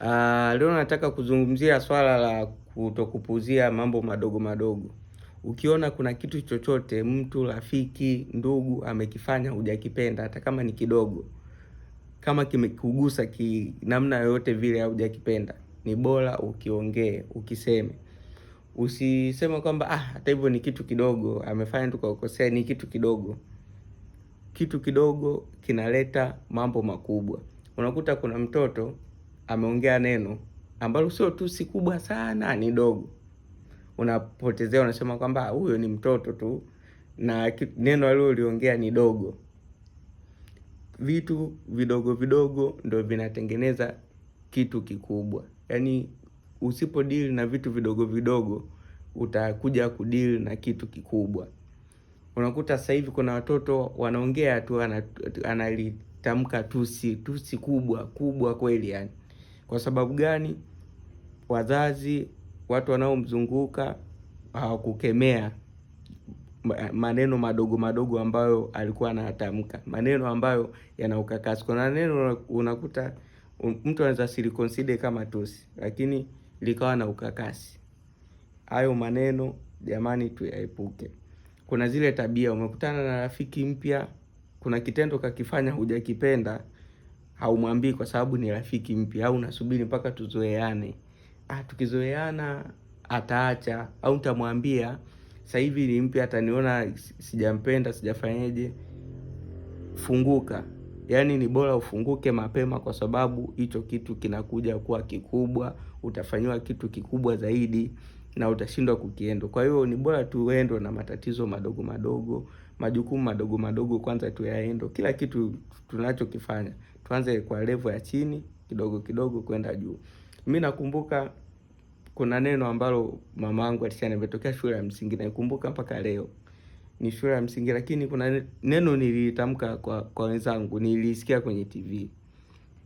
Uh, leo nataka kuzungumzia swala la kutokupuuzia mambo madogo madogo. Ukiona kuna kitu chochote mtu, rafiki, ndugu amekifanya hujakipenda, hata kama ni kidogo, kama kimekugusa ki namna yoyote vile hujakipenda, ni bora ukiongee, ukiseme. Usisema kwamba ah, hata hivyo ni kitu kidogo, amefanya tu kwa kukosea, ni kitu kidogo. Kitu kidogo kinaleta mambo makubwa. Unakuta kuna mtoto ameongea neno ambalo sio tu si kubwa sana, ni dogo, unapotezea unasema kwamba huyo ni mtoto tu, na neno aliloliongea ni dogo. Vitu vidogo vidogo ndio vinatengeneza kitu kikubwa. Yaani deal na vitu vidogo vidogo utakuja kudili na kitu kikubwa. Unakuta sasa hivi kuna watoto wanaongea tu, analitamka tusi tusi kubwa kubwa kweli yani. Kwa sababu gani? Wazazi, watu wanaomzunguka hawakukemea maneno madogo madogo ambayo alikuwa anayatamka, maneno ambayo yana ukakasi. Kuna neno unakuta mtu anaweza silikonside kama tusi, lakini likawa na ukakasi. Hayo maneno jamani, tuyaepuke. Kuna zile tabia, umekutana na rafiki mpya, kuna kitendo kakifanya hujakipenda haumwambii kwa sababu ni rafiki mpya, au unasubiri mpaka tuzoeane. Ah, tukizoeana ataacha, au nitamwambia sasa hivi ni mpya, ataniona sijampenda, sijafanyaje. Funguka, yaani ni bora ufunguke mapema, kwa sababu hicho kitu kinakuja kuwa kikubwa, utafanyiwa kitu kikubwa zaidi na utashindwa kukiendwa. Kwa hiyo ni bora tuendwe na matatizo madogo madogo majukumu madogo madogo kwanza tuyaendo. Kila kitu tunachokifanya tuanze kwa level ya chini kidogo kidogo kwenda juu. Mimi nakumbuka kuna neno ambalo mama mamangu alishaniambia shule ya msingi, naikumbuka mpaka leo. Ni shule ya msingi, lakini kuna neno nilitamka kwa kwa wenzangu, nilisikia kwenye TV,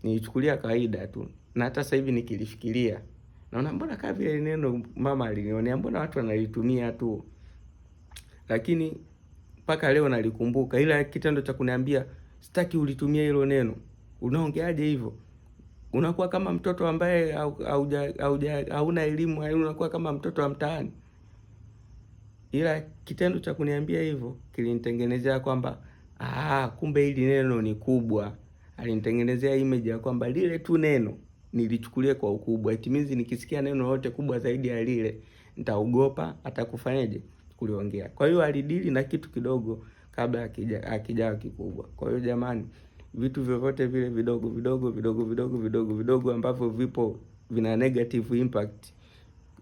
nilichukulia kawaida tu, na hata sasa hivi nikilifikiria naona mbona kama vile neno mama alinionea, mbona watu wanalitumia tu, lakini mpaka leo nalikumbuka, ila kitendo cha kuniambia sitaki ulitumia hilo neno, unaongeaje hivyo? Unakuwa kama mtoto ambaye hauna elimu, yaani unakuwa kama mtoto wa mtaani. Ila kitendo cha kuniambia hivyo kilinitengenezea kwamba ah, kumbe hili neno ni kubwa. Alinitengenezea image ya kwamba lile tu neno nilichukulia kwa ukubwa, itimizi nikisikia neno lolote kubwa zaidi ya lile nitaogopa, atakufanyaje kuliongea. Kwa hiyo alidili na kitu kidogo kabla akijawa kikubwa. Kwa hiyo jamani, vitu vyovyote vile vidogo vidogo vidogo vidogo vidogo vidogo ambavyo vipo vina negative impact,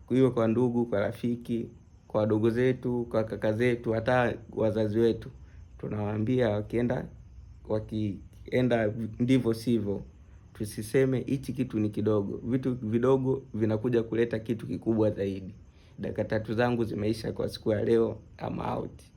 hiyo kwa ndugu, kwa rafiki, kwa wadogo zetu, kwa kaka zetu, hata wazazi wetu, tunawaambia wakienda wakienda ndivyo sivyo, tusiseme hichi kitu ni kidogo. Vitu vidogo vinakuja kuleta kitu kikubwa zaidi. Dakika tatu zangu zimeisha kwa siku ya leo. I'm out.